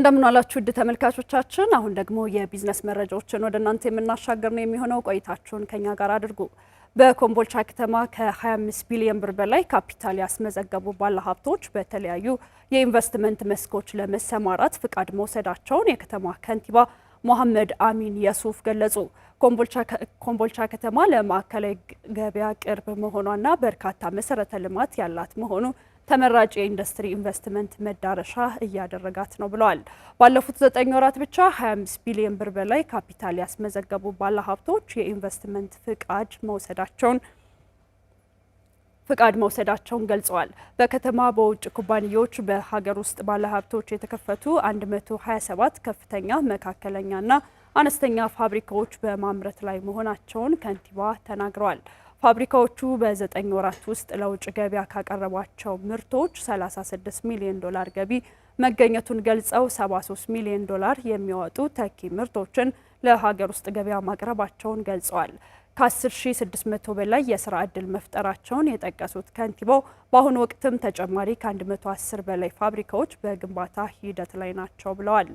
እንደምን ዋላችሁ ውድ ተመልካቾቻችን። አሁን ደግሞ የቢዝነስ መረጃዎችን ወደ እናንተ የምናሻገር ነው የሚሆነው። ቆይታችሁን ከኛ ጋር አድርጉ። በኮምቦልቻ ከተማ ከ25 ቢሊዮን ብር በላይ ካፒታል ያስመዘገቡ ባለሀብቶች በተለያዩ የኢንቨስትመንት መስኮች ለመሰማራት ፍቃድ መውሰዳቸውን የከተማ ከንቲባ መሐመድ አሚን የሱፍ ገለጹ። ኮምቦልቻ ከተማ ለማዕከላዊ ገበያ ቅርብ መሆኗና በርካታ መሰረተ ልማት ያላት መሆኑ ተመራጭ የኢንዱስትሪ ኢንቨስትመንት መዳረሻ እያደረጋት ነው ብለዋል። ባለፉት ዘጠኝ ወራት ብቻ 25 ቢሊዮን ብር በላይ ካፒታል ያስመዘገቡ ባለሀብቶች የኢንቨስትመንት ፍቃድ መውሰዳቸውን ፍቃድ መውሰዳቸውን ገልጸዋል። በከተማ በውጭ ኩባንያዎች በሀገር ውስጥ ባለሀብቶች የተከፈቱ 127 ከፍተኛ መካከለኛና አነስተኛ ፋብሪካዎች በማምረት ላይ መሆናቸውን ከንቲባ ተናግረዋል። ፋብሪካዎቹ በዘጠኝ ወራት ውስጥ ለውጭ ገበያ ካቀረቧቸው ምርቶች 36 ሚሊዮን ዶላር ገቢ መገኘቱን ገልጸው 73 ሚሊዮን ዶላር የሚያወጡ ተኪ ምርቶችን ለሀገር ውስጥ ገበያ ማቅረባቸውን ገልጸዋል። ከ10600 በላይ የስራ እድል መፍጠራቸውን የጠቀሱት ከንቲባው በአሁኑ ወቅትም ተጨማሪ ከ110 በላይ ፋብሪካዎች በግንባታ ሂደት ላይ ናቸው ብለዋል።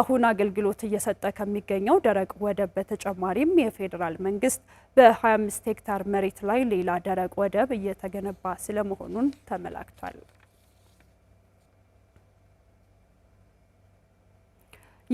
አሁን አገልግሎት እየሰጠ ከሚገኘው ደረቅ ወደብ በተጨማሪም የፌዴራል መንግስት በ25 ሄክታር መሬት ላይ ሌላ ደረቅ ወደብ እየተገነባ ስለመሆኑን ተመላክቷል።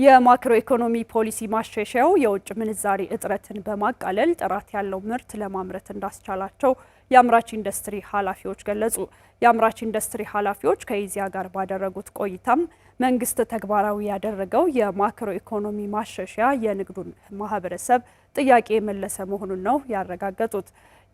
የማክሮ ኢኮኖሚ ፖሊሲ ማሻሻያው የውጭ ምንዛሪ እጥረትን በማቃለል ጥራት ያለው ምርት ለማምረት እንዳስቻላቸው የአምራች ኢንዱስትሪ ኃላፊዎች ገለጹ። የአምራች ኢንዱስትሪ ኃላፊዎች ከኢዚያ ጋር ባደረጉት ቆይታም መንግስት ተግባራዊ ያደረገው የማክሮ ኢኮኖሚ ማሻሻያ የንግዱን ማህበረሰብ ጥያቄ የመለሰ መሆኑን ነው ያረጋገጡት።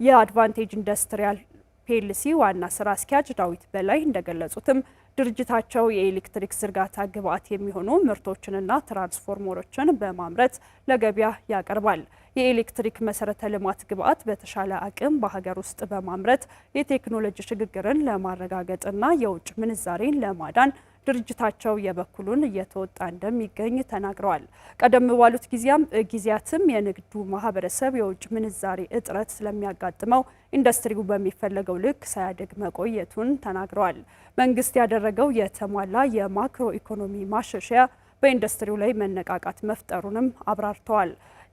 የአድቫንቴጅ ኢንዱስትሪያል ፒኤልሲ ዋና ስራ አስኪያጅ ዳዊት በላይ እንደገለጹትም ድርጅታቸው የኤሌክትሪክ ዝርጋታ ግብዓት የሚሆኑ ምርቶችንና ትራንስፎርመሮችን በማምረት ለገበያ ያቀርባል። የኤሌክትሪክ መሰረተ ልማት ግብዓት በተሻለ አቅም በሀገር ውስጥ በማምረት የቴክኖሎጂ ሽግግርን ለማረጋገጥና የውጭ ምንዛሬን ለማዳን ድርጅታቸው የበኩሉን እየተወጣ እንደሚገኝ ተናግረዋል። ቀደም ባሉት ጊዜያም ጊዜያትም የንግዱ ማህበረሰብ የውጭ ምንዛሬ እጥረት ስለሚያጋጥመው ኢንዱስትሪው በሚፈለገው ልክ ሳያድግ መቆየቱን ተናግረዋል። መንግስት ያደረገው የተሟላ የማክሮ ኢኮኖሚ ማሻሻያ በኢንዱስትሪው ላይ መነቃቃት መፍጠሩንም አብራርተዋል።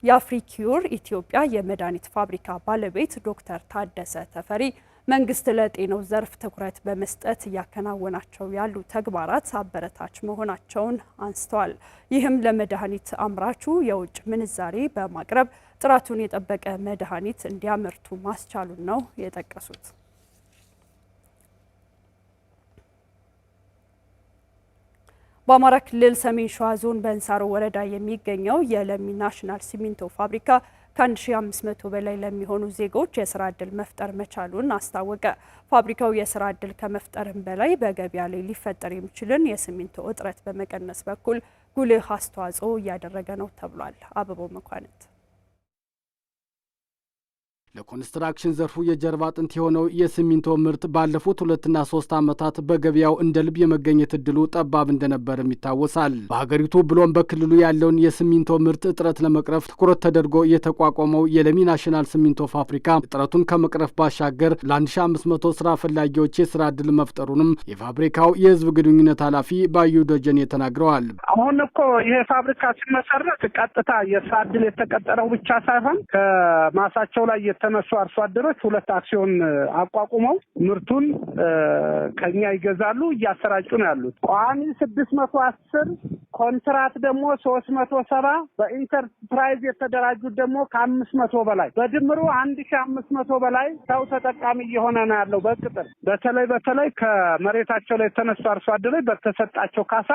የአፍሪኪዩር ኢትዮጵያ የመድኃኒት ፋብሪካ ባለቤት ዶክተር ታደሰ ተፈሪ መንግስት ለጤናው ዘርፍ ትኩረት በመስጠት እያከናወናቸው ያሉ ተግባራት አበረታች መሆናቸውን አንስተዋል። ይህም ለመድኃኒት አምራቹ የውጭ ምንዛሬ በማቅረብ ጥራቱን የጠበቀ መድኃኒት እንዲያመርቱ ማስቻሉን ነው የጠቀሱት። በአማራ ክልል ሰሜን ሸዋ ዞን በእንሳሮ ወረዳ የሚገኘው የለሚ ናሽናል ሲሚንቶ ፋብሪካ ከ1500 በላይ ለሚሆኑ ዜጎች የስራ እድል መፍጠር መቻሉን አስታወቀ። ፋብሪካው የስራ እድል ከመፍጠርም በላይ በገበያ ላይ ሊፈጠር የሚችልን የሲሚንቶ እጥረት በመቀነስ በኩል ጉልህ አስተዋጽኦ እያደረገ ነው ተብሏል። አበባው መኳንንት ለኮንስትራክሽን ዘርፉ የጀርባ አጥንት የሆነው የሲሚንቶ ምርት ባለፉት ሁለትና ሶስት ዓመታት በገበያው እንደ ልብ የመገኘት እድሉ ጠባብ እንደነበርም ይታወሳል። በሀገሪቱ ብሎም በክልሉ ያለውን የሲሚንቶ ምርት እጥረት ለመቅረፍ ትኩረት ተደርጎ የተቋቋመው የለሚ ናሽናል ሲሚንቶ ፋብሪካ እጥረቱን ከመቅረፍ ባሻገር ለ1500 ስራ ፈላጊዎች የስራ እድል መፍጠሩንም የፋብሪካው የህዝብ ግንኙነት ኃላፊ ባዩ ደጀኔ ተናግረዋል። አሁን እኮ ይሄ ፋብሪካ ሲመሰረት ቀጥታ የስራ እድል የተቀጠረው ብቻ ሳይሆን ከማሳቸው ላይ የተነሱ አርሶ አደሮች ሁለት አክሲዮን አቋቁመው ምርቱን ከኛ ይገዛሉ እያሰራጩ ነው ያሉት። ቋሚ ስድስት መቶ አስር ኮንትራት ደግሞ ሶስት መቶ ሰባ በኢንተርፕራይዝ የተደራጁት ደግሞ ከአምስት መቶ በላይ በድምሩ አንድ ሺ አምስት መቶ በላይ ሰው ተጠቃሚ እየሆነ ነው ያለው። በቅጥር በተለይ በተለይ ከመሬታቸው ላይ የተነሱ አርሶ አደሮች በተሰጣቸው ካሳ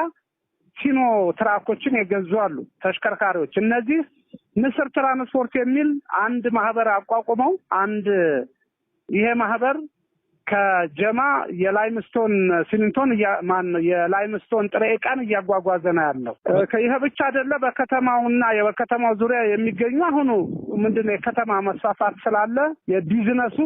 ሲኖ ትራኮችን የገዙ አሉ፣ ተሽከርካሪዎች እነዚህ ምስር ትራንስፖርት የሚል አንድ ማህበር አቋቁመው አንድ ይሄ ማህበር ከጀማ የላይምስቶን ሲሚንቶን ማን የላይምስቶን ጥሬ እቃን እያጓጓዘ ነው ያለው። ይሄ ብቻ አይደለ። በከተማውና በከተማው ዙሪያ የሚገኙ አሁኑ ምንድነው የከተማ መስፋፋት ስላለ የቢዝነሱ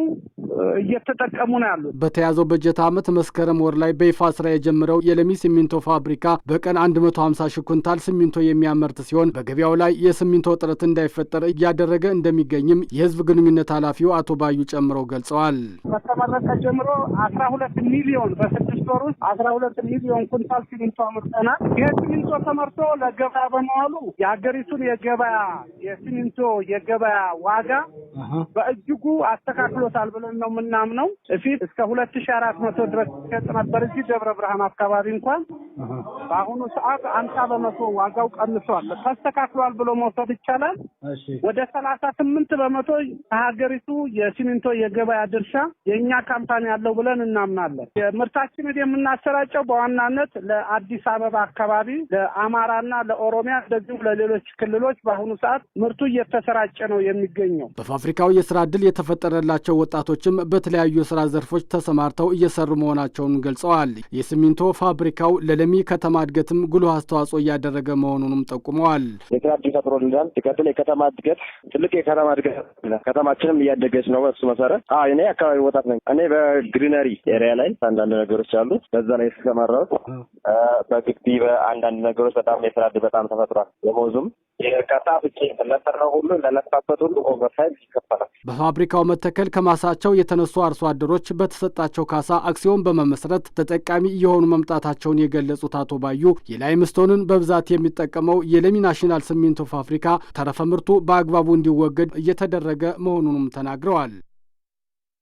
እየተጠቀሙ ነው ያሉት። በተያዘው በጀት ዓመት መስከረም ወር ላይ በይፋ ስራ የጀመረው የለሚ ሲሚንቶ ፋብሪካ በቀን 150 ሺህ ኩንታል ሲሚንቶ የሚያመርት ሲሆን በገበያው ላይ የሲሚንቶ እጥረት እንዳይፈጠር እያደረገ እንደሚገኝም የህዝብ ግንኙነት ኃላፊው አቶ ባዩ ጨምረው ገልጸዋል። ከተመረቀ ጀምሮ 12 ሚሊዮን በስድስት ወር ውስጥ 12 ሚሊዮን ኩንታል ሲሚንቶ አምርተናል። ይህ ሲሚንቶ ተመርቶ ለገበያ በመዋሉ የሀገሪቱን የገበያ የሲሚንቶ የገበያ ዋጋ በእጅጉ አስተካክሎታል ብለን ነው የምናምነው። በፊት እስከ ሁለት ሺ አራት መቶ ድረስ ይሸጥ ነበር እዚህ ደብረ ብርሃን አካባቢ እንኳን በአሁኑ ሰዓት አምሳ በመቶ ዋጋው ቀንሷል። ተስተካክሏል ብሎ መውሰድ ይቻላል። ወደ ሰላሳ ስምንት በመቶ ከሀገሪቱ የሲሚንቶ የገበያ ድርሻ የእኛ ካምፓኒ ያለው ብለን እናምናለን። ምርታችንን የምናሰራጨው በዋናነት ለአዲስ አበባ አካባቢ፣ ለአማራና ለኦሮሚያ እንደዚሁም ለሌሎች ክልሎች በአሁኑ ሰዓት ምርቱ እየተሰራጨ ነው የሚገኘው። በፋብሪካው የስራ እድል የተፈጠረላቸው ወጣቶችም በተለያዩ የስራ ዘርፎች ተሰማርተው እየሰሩ መሆናቸውን ገልጸዋል። የሲሚንቶ ፋብሪካው ለለሚ ለኢኮኖሚ ከተማ እድገትም ጉልህ አስተዋጽኦ እያደረገ መሆኑንም ጠቁመዋል። የስራ እድል ፈጥሮልናል። ሲቀጥል የከተማ እድገት ትልቅ የከተማ እድገት ከተማችንም እያደገች ነው። በሱ መሰረት እኔ አካባቢ ወጣት ነኝ። እኔ በግሪነሪ ኤሪያ ላይ አንዳንድ ነገሮች አሉ። በዛ ላይ የተሰማራሁት በግቢ በአንዳንድ ነገሮች በጣም የስራ እድል በጣም ተፈጥሯል። ደሞዙም የእርዳታ ዱቄት ለጠራ ሁሉ ለለፋበት ሁሉ ኦቨርታይም ይከፈላል። በፋብሪካው መተከል ከማሳቸው የተነሱ አርሶ አደሮች በተሰጣቸው ካሳ አክሲዮን በመመስረት ተጠቃሚ እየሆኑ መምጣታቸውን የገለጹት አቶ ባዩ የላይምስቶንን በብዛት የሚጠቀመው የለሚ ናሽናል ሲሚንቶ ፋብሪካ ተረፈ ምርቱ በአግባቡ እንዲወገድ እየተደረገ መሆኑንም ተናግረዋል።